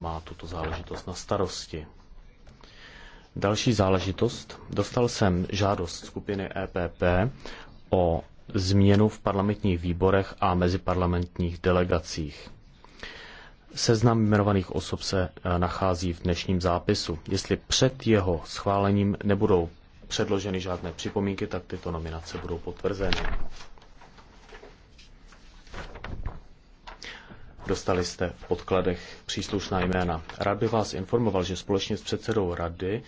má tuto záležitost na starosti. Další záležitost. Dostal jsem žádost skupiny EPP o změnu v parlamentních výborech a meziparlamentních delegacích. Seznam jmenovaných osob se e, nachází v dnešním zápisu. Jestli před jeho schválením nebudou předloženy žádné připomínky, tak tyto nominace budou potvrzeny. Dostali jste v podkladech příslušná jména. Rád bych vás informoval, že společně s předsedou rady